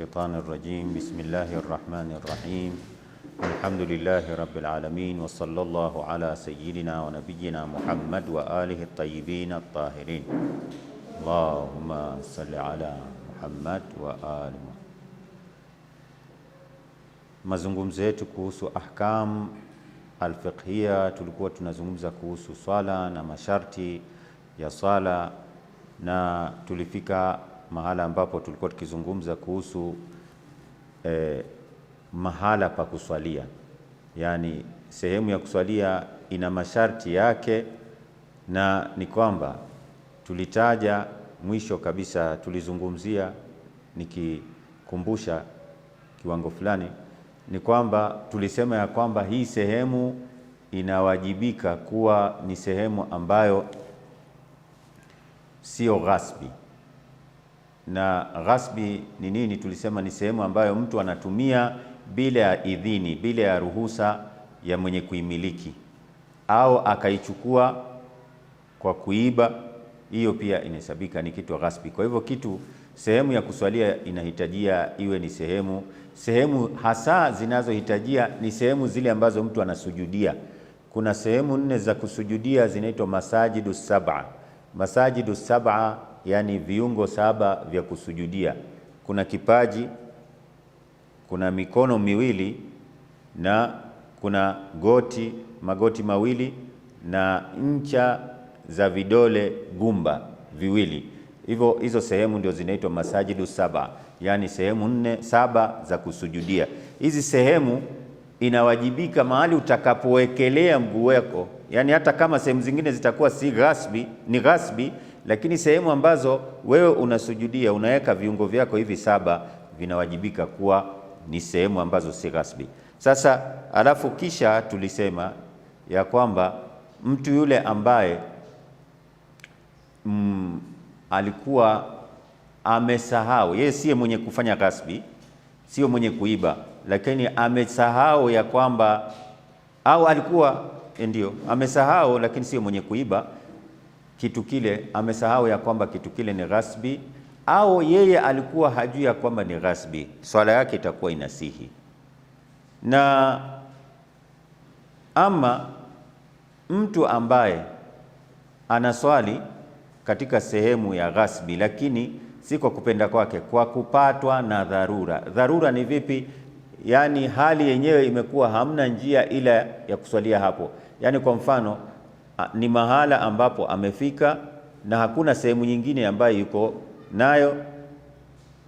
الشيطان الرجيم بسم الله الرحمن الرحيم الحمد لله رب العالمين وصلى الله على سيدنا ونبينا محمد وآله الطيبين الطاهرين اللهم صل على Muhammad wa ali. Mazungumzo yetu kuhusu ahkam alfiqhia, tulikuwa tunazungumza kuhusu swala na masharti ya swala, na tulifika mahala ambapo tulikuwa tukizungumza kuhusu eh, mahala pa kuswalia, yaani sehemu ya kuswalia ina masharti yake, na ni kwamba tulitaja mwisho kabisa, tulizungumzia nikikumbusha kiwango fulani, ni kwamba tulisema ya kwamba hii sehemu inawajibika kuwa ni sehemu ambayo sio ghasbi na ghasbi ni nini? Tulisema ni sehemu ambayo mtu anatumia bila ya idhini, bila ya ruhusa ya mwenye kuimiliki, au akaichukua kwa kuiba, hiyo pia inahesabika ni kitu ghasbi. Kwa hivyo kitu sehemu ya kuswalia inahitajia iwe ni sehemu sehemu hasa zinazohitajia ni sehemu zile ambazo mtu anasujudia. Kuna sehemu nne za kusujudia zinaitwa masajidu sab'a, masajidu sab'a yani viungo saba vya kusujudia. Kuna kipaji, kuna mikono miwili na kuna goti, magoti mawili na ncha za vidole gumba viwili. Hivyo hizo sehemu ndio zinaitwa masajidu saba, yaani sehemu nne saba za kusujudia. Hizi sehemu inawajibika mahali utakapowekelea mguu wako, yaani hata kama sehemu zingine zitakuwa si ghasbi, ni ghasbi lakini sehemu ambazo wewe unasujudia unaweka viungo vyako hivi saba vinawajibika kuwa ni sehemu ambazo si rasmi. Sasa alafu kisha tulisema ya kwamba mtu yule ambaye mm, alikuwa amesahau, yeye siye mwenye kufanya kasbi, sio mwenye kuiba, lakini amesahau ya kwamba au alikuwa eh, ndio amesahau, lakini sio mwenye kuiba kitu kile, amesahau ya kwamba kitu kile ni ghasbi, au yeye alikuwa hajui ya kwamba ni ghasbi, swala yake itakuwa inasihi. Na ama mtu ambaye anaswali katika sehemu ya ghasbi, lakini si kwa kupenda kwake, kwa kupatwa na dharura. Dharura ni vipi? Yaani hali yenyewe imekuwa hamna njia ila ya kuswalia hapo, yaani kwa mfano Ah, ni mahala ambapo amefika na hakuna sehemu nyingine ambayo yuko nayo,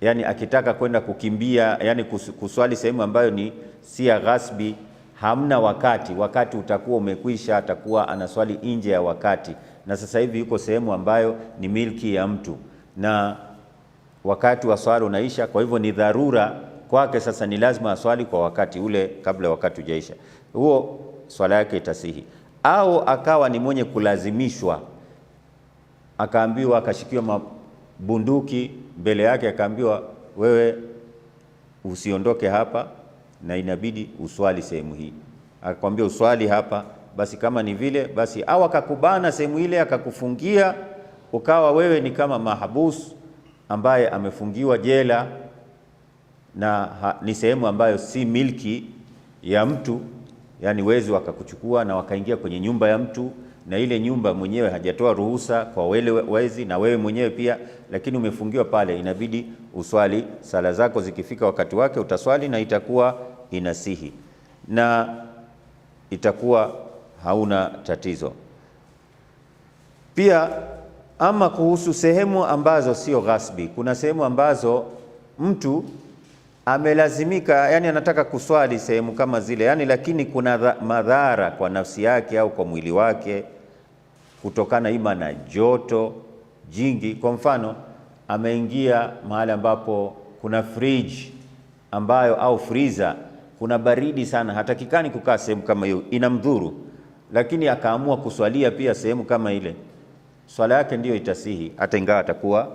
yani akitaka kwenda kukimbia, yani kuswali sehemu ambayo ni si ya ghasbi, hamna wakati, wakati utakuwa umekwisha, atakuwa anaswali nje ya wakati. Na sasa hivi yuko sehemu ambayo ni milki ya mtu na wakati wa swala unaisha, kwa hivyo ni dharura kwake, sasa ni lazima aswali kwa wakati ule, kabla wakati ujaisha, huo swala yake itasihi au akawa ni mwenye kulazimishwa, akaambiwa, akashikiwa mabunduki mbele yake, akaambiwa wewe usiondoke hapa na inabidi uswali sehemu hii, akakwambia uswali hapa, basi kama ni vile basi, au akakubana sehemu ile akakufungia, ukawa wewe ni kama mahabus ambaye amefungiwa jela na ha, ni sehemu ambayo si milki ya mtu yaani wezi wakakuchukua na wakaingia kwenye nyumba ya mtu na ile nyumba mwenyewe hajatoa ruhusa kwa wale wezi na wewe mwenyewe pia, lakini umefungiwa pale, inabidi uswali sala zako. Zikifika wakati wake utaswali na itakuwa inasihi na itakuwa hauna tatizo. Pia ama kuhusu sehemu ambazo sio ghasbi, kuna sehemu ambazo mtu amelazimika, yani anataka kuswali sehemu kama zile, yani lakini kuna madhara kwa nafsi yake au kwa mwili wake kutokana ima na joto jingi. Kwa mfano, ameingia mahali ambapo kuna friji ambayo au friza, kuna baridi sana, hatakikani kukaa sehemu kama hiyo, inamdhuru. Lakini akaamua kuswalia pia sehemu kama ile, swala yake ndiyo itasihi hata ingawa atakuwa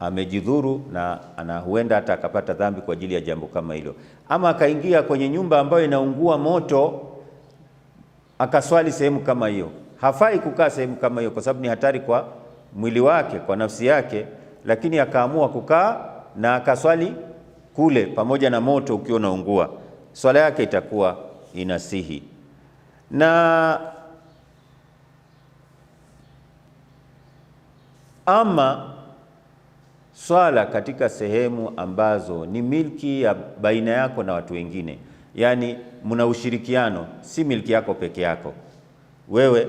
amejidhuru na ana huenda hata akapata dhambi kwa ajili ya jambo kama hilo, ama akaingia kwenye nyumba ambayo inaungua moto akaswali sehemu kama hiyo. Hafai kukaa sehemu kama hiyo, kwa sababu ni hatari kwa mwili wake, kwa nafsi yake, lakini akaamua kukaa na akaswali kule pamoja na moto ukiwa unaungua, swala yake itakuwa inasihi na ama swala katika sehemu ambazo ni milki ya baina yako na watu wengine, yaani mna ushirikiano, si milki yako peke yako wewe,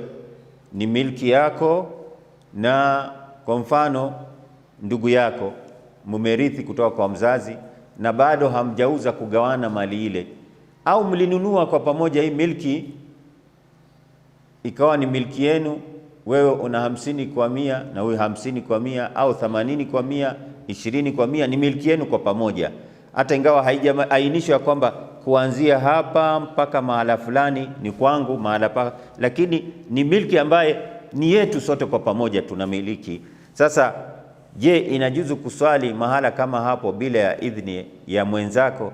ni milki yako na kwa mfano ndugu yako mumerithi kutoka kwa mzazi na bado hamjauza kugawana mali ile, au mlinunua kwa pamoja hii milki ikawa ni milki yenu wewe una hamsini kwa mia na huyu hamsini kwa mia au thamanini kwa mia ishirini kwa mia ni milki yenu kwa pamoja, hata ingawa haijaainishwa ya kwamba kuanzia hapa mpaka mahala fulani ni kwangu mahala pa, lakini ni milki ambaye ni yetu sote kwa pamoja tunamiliki. Sasa je, inajuzu kuswali mahala kama hapo bila ya idhini ya mwenzako?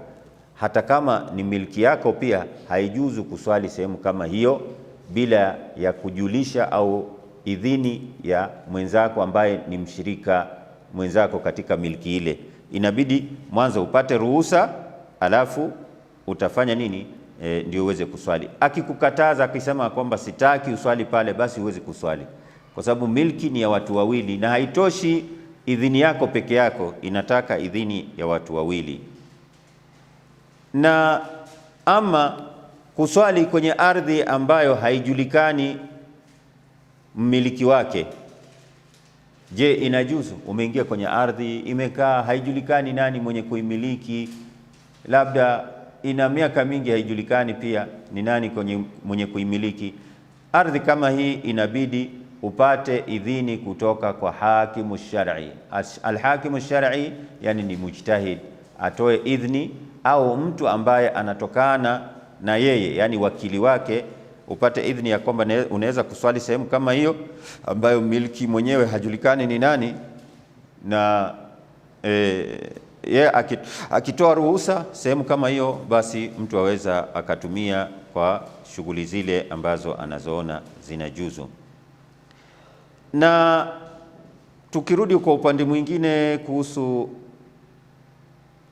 Hata kama ni milki yako, pia haijuzu kuswali sehemu kama hiyo bila ya kujulisha au idhini ya mwenzako ambaye ni mshirika mwenzako katika milki ile. Inabidi mwanzo upate ruhusa, alafu utafanya nini? E, ndio uweze kuswali. Akikukataza akisema kwamba sitaki uswali pale, basi uweze kuswali, kwa sababu milki ni ya watu wawili na haitoshi idhini yako peke yako, inataka idhini ya watu wawili. Na ama kuswali kwenye ardhi ambayo haijulikani mmiliki wake. Je, inajuzu? Umeingia kwenye ardhi imekaa, haijulikani nani mwenye kuimiliki, labda ina miaka mingi, haijulikani pia ni nani kwenye mwenye kuimiliki. Ardhi kama hii inabidi upate idhini kutoka kwa hakimu shar'i. Alhakimu shar'i yani ni mujtahid, atoe idhini au mtu ambaye anatokana na yeye, yani wakili wake upate idhini ya kwamba unaweza kuswali sehemu kama hiyo ambayo miliki mwenyewe hajulikani ni nani, na e, ye akitoa ruhusa sehemu kama hiyo, basi mtu aweza akatumia kwa shughuli zile ambazo anazoona zinajuzu. Na tukirudi kwa upande mwingine kuhusu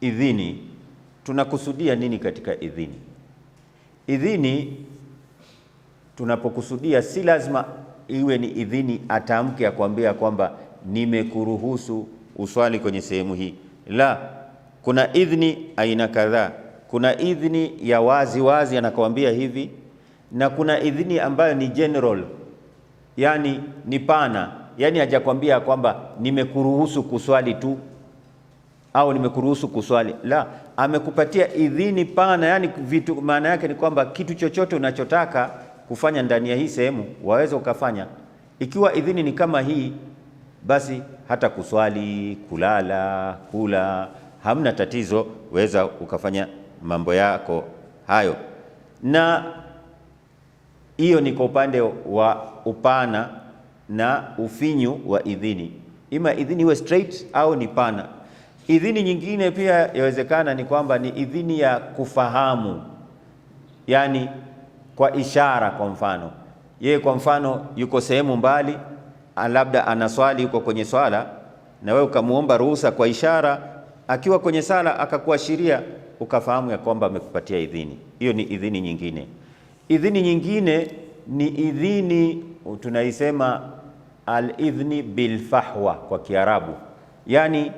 idhini, tunakusudia nini katika idhini? Idhini tunapokusudia si lazima iwe ni idhini atamke akwambia kwamba nimekuruhusu uswali kwenye sehemu hii. La, kuna idhini aina kadhaa. Kuna idhini ya wazi wazi anakuambia hivi, na kuna idhini ambayo ni general, yani ni pana, yani hajakwambia kwamba nimekuruhusu kuswali tu au nimekuruhusu kuswali. La, amekupatia idhini pana, yani vitu, maana yake ni kwamba kitu chochote unachotaka kufanya ndani ya hii sehemu waweza ukafanya. Ikiwa idhini ni kama hii, basi hata kuswali, kulala, kula, hamna tatizo, waweza ukafanya mambo yako hayo. Na hiyo ni kwa upande wa upana na ufinyu wa idhini, ima idhini iwe straight au ni pana. Idhini nyingine pia yawezekana ni kwamba ni idhini ya kufahamu, yani kwa ishara. Kwa mfano yeye, kwa mfano yuko sehemu mbali, labda anaswali, yuko kwenye swala, na wewe ukamuomba ruhusa kwa ishara akiwa kwenye sala, akakuashiria ukafahamu ya kwamba amekupatia idhini. Hiyo ni idhini nyingine. Idhini nyingine ni idhini tunaisema alidhni bilfahwa kwa Kiarabu, yaani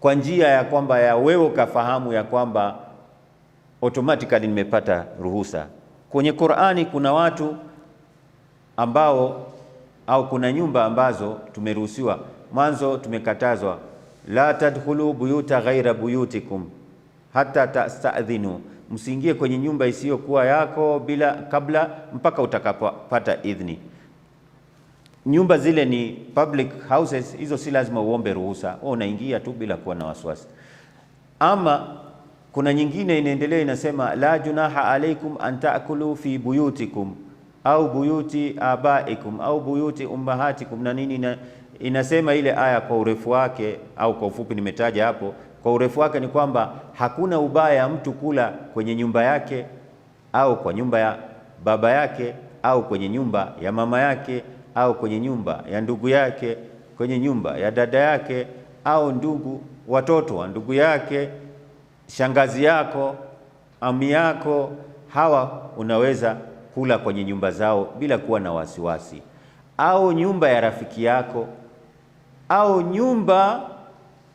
kwa njia ya kwamba ya wewe ukafahamu ya kwamba automatically nimepata ruhusa. Kwenye Qur'ani kuna watu ambao au kuna nyumba ambazo tumeruhusiwa, mwanzo tumekatazwa, la tadkhulu buyuta ghaira buyutikum hata tastadhinu, msiingie kwenye nyumba isiyokuwa yako bila kabla mpaka utakapopata idhni. Nyumba zile ni public houses, hizo si lazima uombe ruhusa, wewe unaingia tu bila kuwa na wasiwasi ama kuna nyingine inaendelea inasema, la junaha alaikum an taakulu fi buyutikum au buyuti abaikum au buyuti ummahatikum na nini, inasema ile aya kwa urefu wake au kwa ufupi nimetaja hapo. Kwa urefu wake ni kwamba hakuna ubaya mtu kula kwenye nyumba yake au kwa nyumba ya baba yake au kwenye nyumba ya mama yake au kwenye nyumba ya ndugu yake, kwenye nyumba ya dada yake au ndugu watoto wa ndugu yake shangazi yako, ami yako, hawa unaweza kula kwenye nyumba zao bila kuwa na wasiwasi, au nyumba ya rafiki yako, au nyumba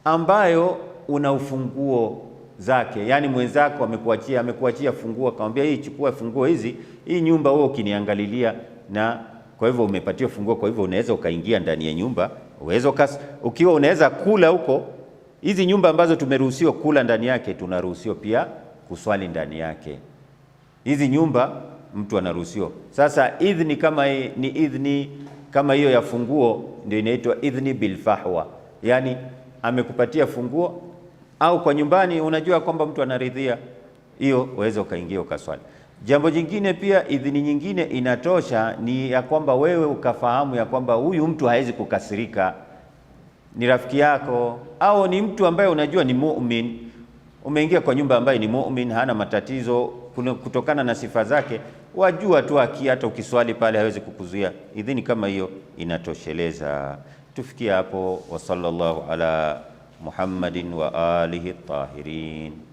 ambayo una ufunguo zake, yaani mwenzako amekuachia amekuachia funguo, akamwambia hii, chukua funguo hizi, hii nyumba wewe ukiniangalilia, na kwa hivyo umepatia funguo, kwa hivyo unaweza ukaingia ndani ya nyumba, uwezo ukiwa unaweza kula huko Hizi nyumba ambazo tumeruhusiwa kula ndani yake, tunaruhusiwa pia kuswali ndani yake. Hizi nyumba mtu anaruhusiwa. Sasa idhni kama ni idhni kama hiyo ya funguo, ndio inaitwa idhni bilfahwa, yaani amekupatia funguo au kwa nyumbani, unajua kwamba mtu anaridhia hiyo, uweze ukaingia ukaswali. Jambo jingine pia, idhini nyingine inatosha ni ya kwamba wewe ukafahamu ya kwamba huyu mtu hawezi kukasirika ni rafiki yako au ni mtu ambaye unajua ni mumin umeingia kwa nyumba ambaye ni mumin hana matatizo kutokana na sifa zake, wajua tu aki hata ukiswali pale hawezi kukuzuia. Idhini kama hiyo inatosheleza. Tufikie hapo. Wa sallallahu ala Muhammadin wa alihi tahirin.